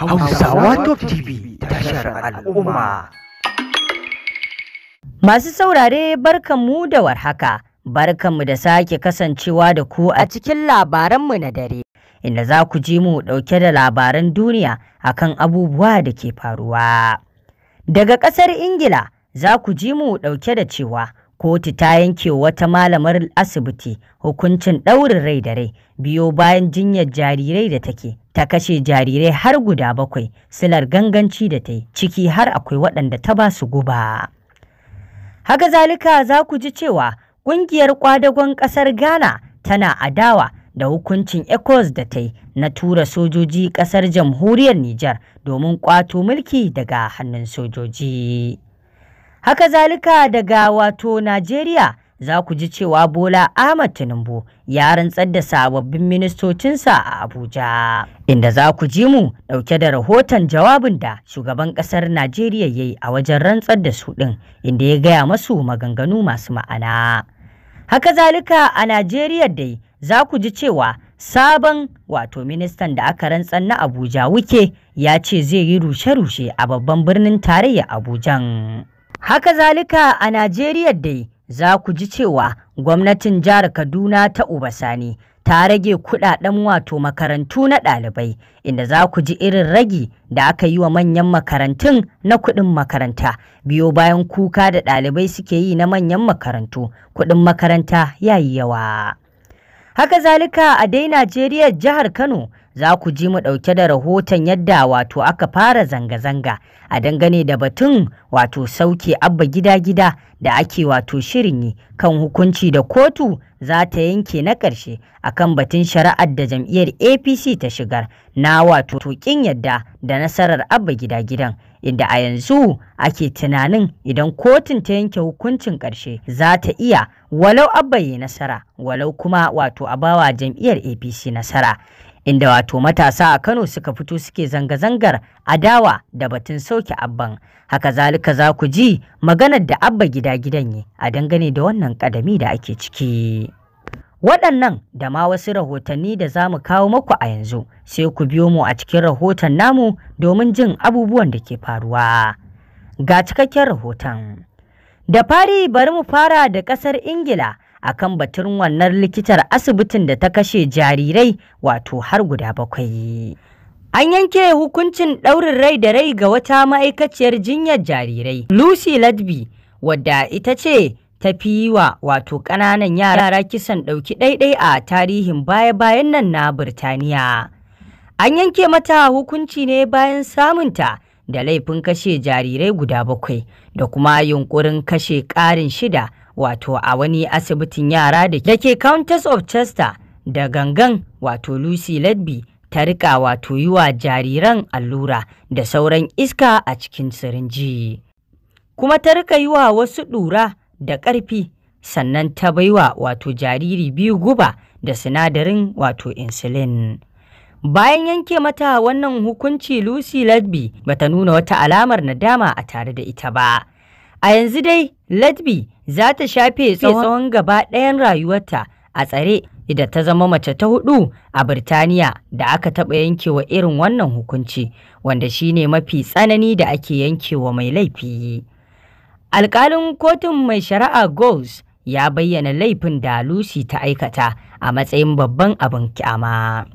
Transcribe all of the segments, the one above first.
Hausawa Top TV tashar al'umma. Masu saurare mu da warhaka, mu da sake kasancewa da ku a cikin labaranmu na dare, inda za ku ji mu ɗauke da labaran duniya akan abubuwa da ke faruwa. Daga ƙasar Ingila za ku ji mu ɗauke da cewa kotu ta yanke wata malamar asibiti hukuncin ɗaurin rai da rai biyo bayan jinyar jarirai da take ta kashe jarirai har guda bakwai silar ganganci da ta yi ciki har akwai waɗanda ta ba su guba haka zalika za ku ji cewa ƙungiyar ƙwadagon ƙasar ghana tana adawa da hukuncin ecos da ta yi na tura sojoji ƙasar jamhuriyar niger domin ƙwato mulki daga hannun sojoji haka zalika daga wato najeriya za ku ji cewa Bola Ahmad Tinubu ya rantsar da sababbin ministocinsa a Abuja. Inda za ku ji mu ɗauke da rahoton jawabin da shugaban ƙasar Najeriya ya yi a wajen rantsar da su ɗin inda ya gaya masu maganganu masu ma'ana. Haka zalika a Najeriya dai za ku ji cewa sabon wato ministan da aka rantsar na Abuja wuke ya ce zai yi rushe-rushe a babban birnin tarayya Abuja. Haka zalika a Najeriya dai za ku ji cewa gwamnatin jihar Kaduna ta Ubasani ta rage kudaden wato makarantu na ɗalibai inda za ku ji irin ragi da aka yi wa manyan makarantun na kuɗin makaranta biyo bayan kuka da ɗalibai suke yi na manyan makarantu kuɗin makaranta ya yi yawa. Haka zalika a dai Najeriya jihar Kano za ku ji mu ɗauke da rahoton yadda wato aka fara zanga-zanga a dangane da batun wato sauke abba gida-gida da ake wato shirin yi kan hukunci da kotu za ta yanke na ƙarshe akan batun shari'ar da jam'iyyar apc ta shigar na wato tokin yadda da nasarar abba gida-gidan inda a yanzu ake tunanin idan kotun ta yanke hukuncin ƙarshe za ta iya walau abba yi nasara walau kuma wato a bawa jam'iyyar apc nasara inda wato matasa a Kano suka fito suke zanga-zangar adawa da batun sauke abban. Haka zalika za ku ji maganar da abba gida gidan yi a dangane da wannan kadami da ake ciki. Waɗannan da ma wasu rahotanni da za mu kawo maku a yanzu sai ku biyo mu a cikin rahoton namu domin jin abubuwan da ke faruwa. Ga cikakken rahoton. Da fari bari mu fara da ƙasar Ingila akan batun wannan likitar asibitin da ta kashe jarirai wato har guda bakwai. An yanke hukuncin ɗaurin rai da rai ga wata ma'aikaciyar jinyar jarirai, Lucy Ladby, wadda ita ce ta fi yi wa wato ƙananan yara kisan ɗauki ɗaiɗai a tarihin baya-bayan nan na Birtaniya. An yanke mata hukunci ne bayan samunta da laifin kashe jarirai guda bakwai da kuma yunƙurin kashe ƙarin shida wato a wani asibitin yara da ke Countess of Chester da gangan wato Lucy Ledby ta rika wato yi wa jariran allura da sauran iska a cikin sirinji. Kuma ta rika yi wa wasu ɗura da ƙarfi sannan ta baiwa wato jariri biyu guba da sinadarin wato insulin. Bayan yanke mata wannan hukunci Lucy Ledby bata nuna wata alamar nadama a tare da ita ba. A yanzu dai Ledby za ta shafe tsawon gaba ɗayan rayuwarta a tsare idan ta zama mace ta hudu a Birtaniya da aka taɓa yankewa irin wannan hukunci wanda shi ne mafi tsanani da ake yankewa mai laifi. Alƙalin kotun mai shari'a Goals ya bayyana laifin da Lucy ta aikata a matsayin babban abin kyama.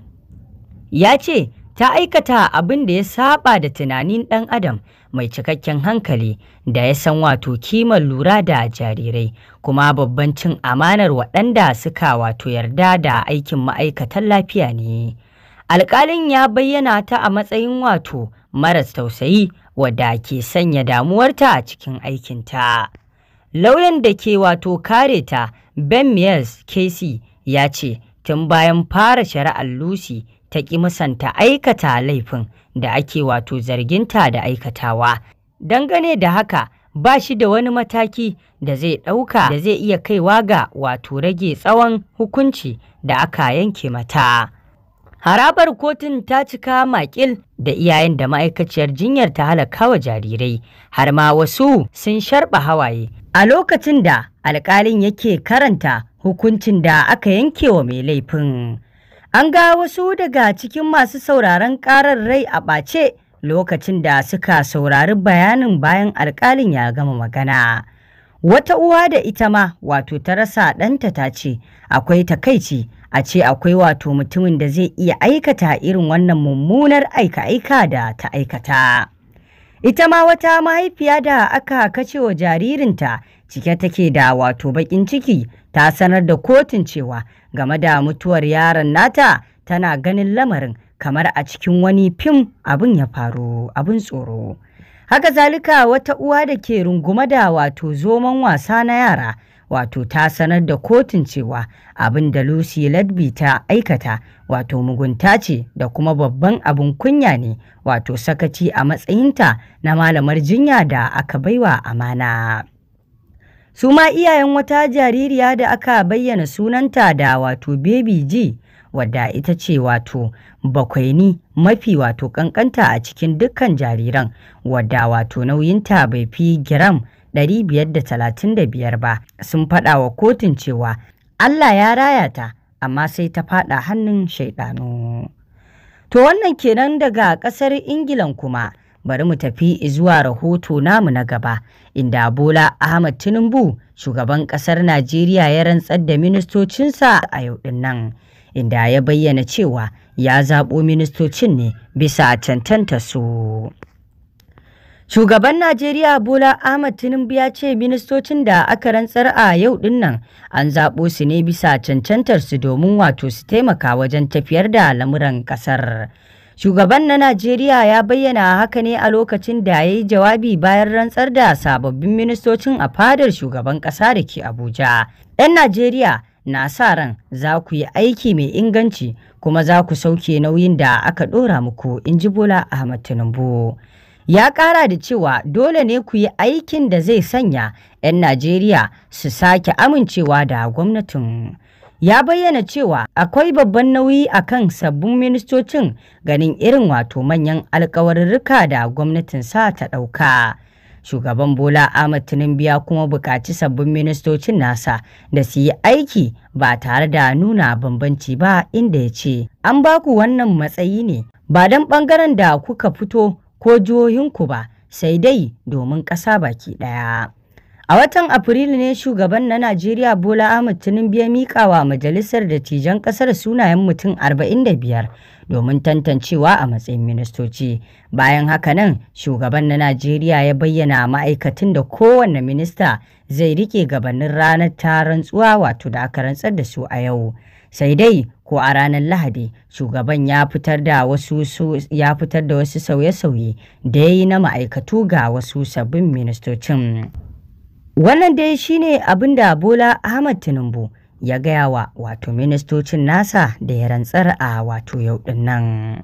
Ya ce, ta aikata abin da ya saba da tunanin ɗan adam mai cikakken hankali da ya san wato kimar lura da jarirai kuma babban cin amanar waɗanda suka wato yarda da aikin ma'aikatan lafiya ne. Alƙalin ya bayyana ta a matsayin wato maras tausayi wadda ke sanya damuwarta a cikin aikinta. Lauyan da ke wato kare ta Ben Mills Casey ya ce tun bayan fara shari'ar Lucy ta ƙi musanta aikata laifin da ake wato zarginta da aikatawa. Dangane da haka ba shi da wani mataki da zai ɗauka da zai iya kaiwa ga wato rage tsawon hukunci da aka yanke mata. Harabar kotun ta cika makil da iyayen da ma'aikaciyar jinyar ta halakawa jarirai har ma wasu sun sharɓa hawaye a lokacin da alƙalin yake karanta hukuncin da aka yanke wa mai laifin. An ga wasu daga cikin masu sauraron ƙarar rai a ɓace lokacin da suka saurari bayanin bayan alkalin ya gama magana. Wata uwa da ita ma wato ta rasa ɗanta ta ce akwai takaici a ce akwai wato mutumin da zai iya aikata irin wannan mummunar aika-aika da ta aikata. Ita ma wata mahaifiya da aka kacewa jaririnta cike take da wato bakin ciki ta sanar da kotun cewa game da mutuwar yaron nata tana ganin lamarin kamar a cikin wani fim abin ya faru abin tsoro. Haka zalika wata uwa da ke runguma da wato zoman wasa na yara wato ta sanar da kotun cewa abin da Lucy ladbi ta aikata wato mugunta ce da kuma babban abin kunya ne wato sakaci a matsayinta na malamar jinya da aka baiwa amana. Su ma iyayen wata jaririya da aka bayyana sunanta da wato Baby G wadda ita ce wato bakwai ni mafi wato kankanta a cikin dukkan jariran wadda wato nauyinta bai fi giram 535 ba sun faɗa wa kotun cewa Allah ya raya ta amma sai ta faɗa hannun shaiɗanu. To wannan kenan daga ƙasar Ingilan kuma bari mu tafi zuwa rahoto namu na gaba inda Bola Ahmad Tinubu shugaban ƙasar Najeriya ya rantsar da ministocinsa a yau ɗin nan inda ya bayyana cewa ya zaɓo ministocin ne bisa cancanta su. Shugaban Najeriya Bola Ahmad Tinubu ya ce ministocin da aka rantsar a yau din an zaɓo su ne bisa cancantar su domin wato su taimaka wajen tafiyar da lamuran ƙasar. Shugaban na Najeriya ya bayyana haka ne a lokacin da ya yi jawabi bayan rantsar da sababbin ministocin a fadar shugaban ƙasa da ke Abuja. 'Yan Najeriya na sa ran za ku yi aiki mai inganci kuma za ku sauke nauyin da aka ɗora muku, in ji Bola Ahmad Tinubu. Ya ƙara da cewa dole ne ku yi aikin da zai sanya 'yan Najeriya su sake amincewa da gwamnatin. Ya bayyana cewa akwai babban nauyi a kan sabbin ministocin ganin irin wato manyan alkawarurruka da gwamnatin sa ta ɗauka. Shugaban Bola Ahmad Tinubu kuma buƙaci sabbin ministocin nasa da su yi aiki ba tare da nuna bambanci ba inda ya ce, An baku wannan matsayi ne ba don ɓangaren da kuka fito ko jihohinku ba sai dai domin ƙasa baki ɗaya. A watan Afrilu ne shugaban na Najeriya Bola Ahmed Tinubu ya mika wa majalisar dattijan ƙasar sunayen mutum 45 domin tantancewa a matsayin ministoci. Bayan haka nan, shugaban na Najeriya ya bayyana ma'aikatan da kowane minista zai rike gabanin ranar ta rantsuwa wato da aka rantsar da su a yau. sai dai ko a ranar lahadi shugaban ya fitar da wasu ya fitar da wasu sauye-sauye da ya yi na ma'aikatu ga wasu sabbin ministocin wannan dai shine abin da bola ahmad tinubu ya gaya wa wato ministocin nasa da ya rantsar a wato yau nan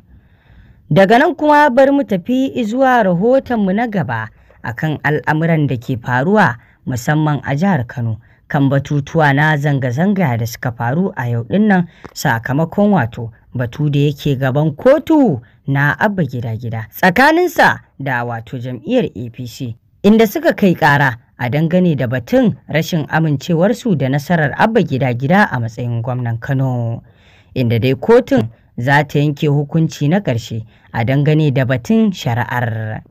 daga nan kuma bari mu tafi zuwa rahotonmu na gaba akan al'amuran da ke faruwa musamman a jihar kano kan batutuwa na zanga-zanga da suka faru a yau dinnan sakamakon wato batu da yake gaban kotu na abba gida-gida tsakaninsa da wato jam'iyyar apc inda suka kai kara a dangane da batun rashin amincewarsu da nasarar abba gida-gida a matsayin gwamnan kano inda dai kotun za ta yanke hukunci na ƙarshe a dangane da batun shari'ar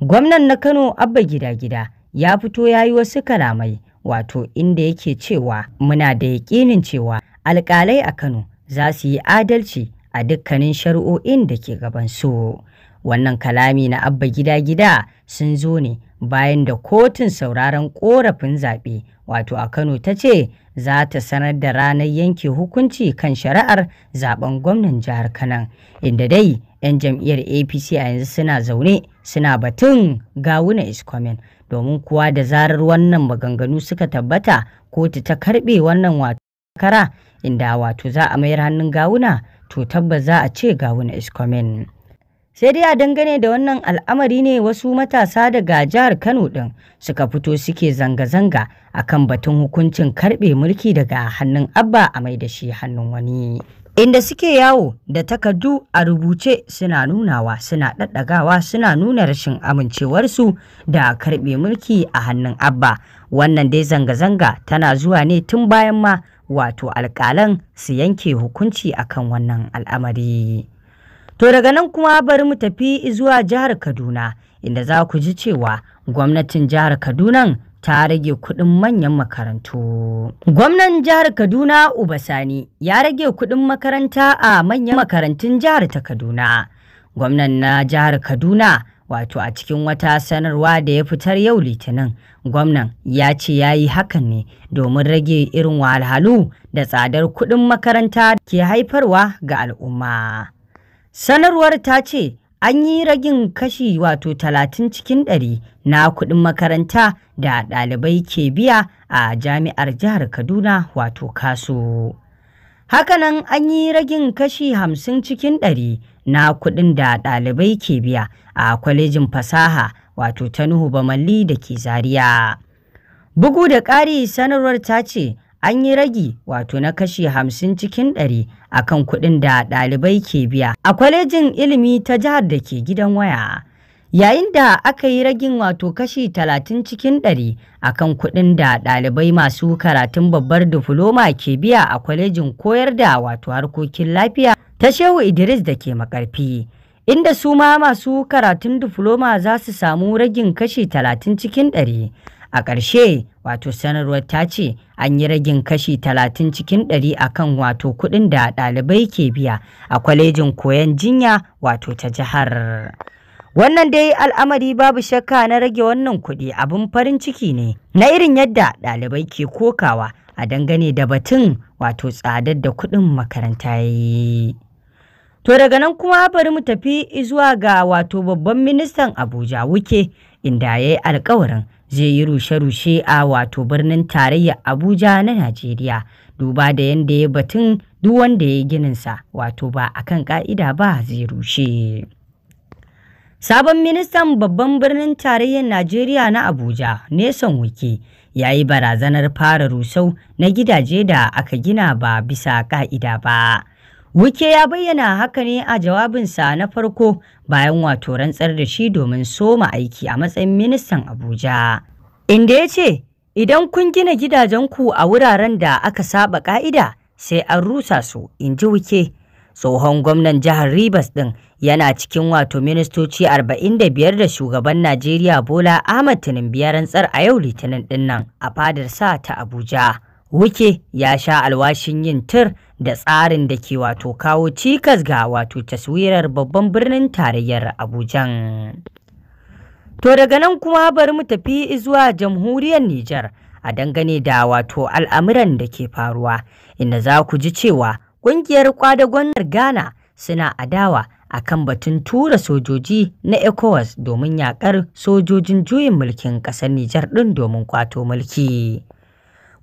gwamnan na kano abba gida-gida ya fito ya yi wasu kalamai wato inda yake cewa muna da yaƙinin cewa alƙalai a Kano za su yi adalci a dukkanin shari'o'in da ke gabansu. Wannan kalami na abba gida-gida sun zo ne bayan da kotun sauraron korafin zaɓe wato a Kano ta ce za ta sanar da ranar yanke hukunci kan shari'ar zaben gwamnan jihar Kanan inda dai 'yan jam'iyyar APC a yanzu suna zaune suna batun gawuna iskomen domin kuwa da zarar wannan maganganu suka tabbata kotu ta karbe wannan wato kara inda wato za a mayar hannun gawuna to tabbas za a ce gawuna iskomen sai dai a dangane da wannan al'amari ne wasu matasa daga jihar kano din suka fito suke zanga-zanga akan batun hukuncin karbe mulki daga hannun abba a mai da shi hannun wani inda suke yawo da takardu a rubuce suna nunawa suna ɗaɗɗagawa suna nuna rashin amincewarsu da karɓe mulki a hannun abba wannan dai zanga-zanga tana zuwa ne tun bayan ma wato alƙalan su yanke hukunci akan wannan al'amari to daga nan kuma bari mu tafi zuwa jihar kaduna inda za ku ji cewa gwamnatin jihar kaduna ta rage kuɗin manyan makarantu. Gwamnan jihar Kaduna Uba Sani ya rage kuɗin makaranta a manyan makarantun jihar ta Kaduna. Gwamnan na jihar Kaduna wato a cikin wata sanarwa da ya fitar yau litinin gwamnan ya ce ya yi hakan ne domin rage irin wahalhalu da tsadar kuɗin makaranta ke haifarwa ga al'umma. Sanarwar ta ce an yi ragin kashi wato talatin cikin ɗari na kuɗin makaranta da ɗalibai ke biya a jami'ar jihar Kaduna wato kaso. Hakanan an yi ragin kashi hamsin cikin ɗari na kuɗin da ɗalibai ke biya a kwalejin fasaha wato ta Nuhu Bamalli da ke Zariya). Bugu da ƙari sanarwar ta ce an yi ragi wato na kashi hamsin cikin ɗari a kan kuɗin da ɗalibai ke biya a kwalejin ilimi ta jihar da ke gidan waya yayin da aka yi ragin wato kashi talatin cikin 100 akan kuɗin da ɗalibai masu karatun babbar difloma ke biya a kwalejin koyar da wato harkokin lafiya ta shehu idris da ke makarfi inda su ma masu karatun difloma za su samu ragin kashi talatin cikin 100 a ƙarshe wato sanarwar ta ce an yi ragin kashi talatin cikin 100 kan wato kuɗin da ɗalibai ke biya a kwalejin koyon jinya wato ta jihar. Wannan dai al'amari babu shakka na rage wannan kuɗi abin farin ciki ne na irin yadda ɗalibai ke kokawa a dangane da batun wato tsadar da kuɗin makaranta yi. To daga nan kuma bari mu tafi zuwa ga wato babban ministan Abuja Wuke inda ya yi alkawarin zai yi rushe-rushe a wato birnin Tarayya Abuja na Najeriya duba da yadda ya batun duk wanda ya yi sa wato ba akan ka'ida ba zai rushe. Sabon ministan babban birnin tarayyar Najeriya na Abuja, Nelson Wike, ya yi barazanar fara rusau na gidaje da aka gina ba bisa ka'ida ba. Wike ya bayyana haka ne a jawabinsa na farko bayan wato rantsar da shi domin soma aiki a matsayin ministan Abuja. Inda ya ce, Idan kun gina gidajenku a wuraren da aka saba ka'ida, sai an rusa su, in ji Wike. tsohon gwamnan jihar Rivers ɗin yana cikin wato ministoci 45 da shugaban Najeriya Bola Ahmad Tinubu ya rantsar a yau Litinin ɗin a fadar sa ta Abuja. Wuke ya sha alwashin yin tir da tsarin da ke wato kawo cikas ga wato taswirar babban birnin tarayyar Abujan. To daga nan kuma bari mu tafi zuwa jamhuriyar Nijar a dangane da wato al'amuran da ke faruwa inda za ku ji cewa Ƙungiyar ƙwadagon Ghana suna adawa a kan batun tura sojoji na ECOWAS domin yaƙar sojojin juyin mulkin ƙasar Nijar ɗin domin kwato mulki.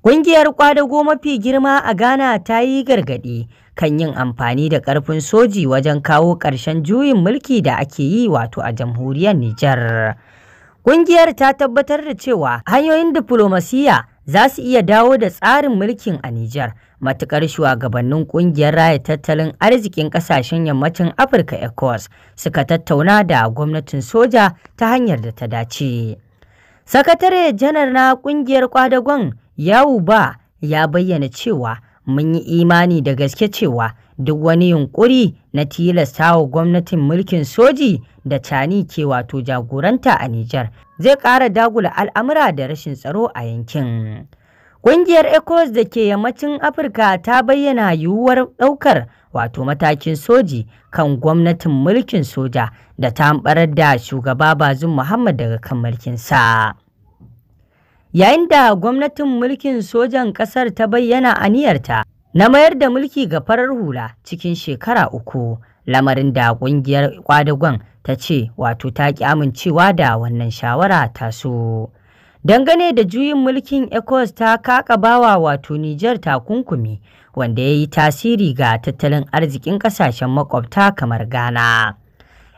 Ƙungiyar ƙwadago mafi girma a Ghana ta yi gargaɗi kan yin amfani da ƙarfin soji wajen kawo ƙarshen juyin mulki da ake yi wato a jamhuriyar Nijar. Ƙungiyar ta tabbatar da cewa hanyoyin diflomasiyya za su iya dawo da tsarin mulkin a Nijar matukar shugabannin kungiyar raya tattalin arzikin kasashen yammacin afirka ecowas suka tattauna da gwamnatin soja ta hanyar da ta dace sakatare janar na kungiyar kwadagon yawu ba ya bayyana cewa mun yi imani da gaske cewa duk wani yunkuri na tilasta wa gwamnatin mulkin soji da cani ke wato jagoranta a Nijar zai ƙara dagula al'amura da rashin tsaro a yankin. Ƙungiyar Ecos da ke yammacin Afirka ta bayyana yiwuwar ɗaukar wato matakin soji kan gwamnatin mulkin soja da ta ambarar da shugaba Bazum Muhammad daga kan sa. Yayin da gwamnatin mulkin sojan ƙasar ta bayyana aniyarta na mayar da mulki ga farar hula cikin shekara uku, lamarin da ƙungiyar kwadagon ta ce wato ta ƙi amincewa da wannan shawara ta so. dangane da juyin mulkin ecos ta bawa wato nijar takunkumi wanda ya yi tasiri ga tattalin arzikin kasashen makwabta kamar ghana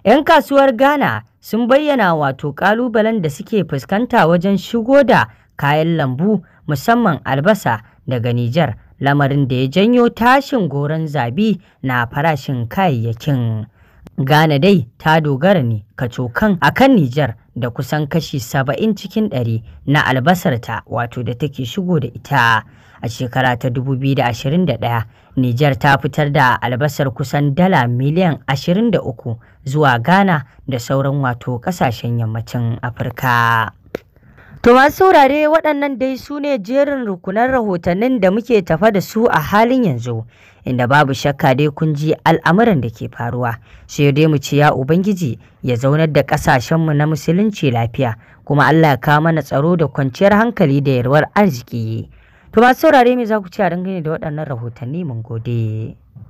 'yan kasuwar ghana sun bayyana wato kalubalen da suke fuskanta wajen shigo da kayan lambu musamman albasa daga nijar lamarin da ya janyo tashin goron zabi na farashin kayayyakin ghana dai ta dogara ne kacokan akan nijar da kusan kashi saba'in cikin ɗari na albasarta wato da take shigo da ita a shekara ta 2021 Nijar ta fitar da albasar kusan dala miliyan 23 zuwa Ghana da sauran wato kasashen yammacin Afirka. To masu saurare waɗannan dai su ne jerin rukunan rahotannin da muke tafa da su a halin yanzu inda babu shakka dai kun ji al'amuran da ke faruwa sai dai mu ci ya ubangiji ya zaunar da mu na musulunci lafiya kuma allah ya kawo mana tsaro da kwanciyar hankali da yarwar arziki to masu saurare me za ku ci a dangane da waɗannan rahotanni mun gode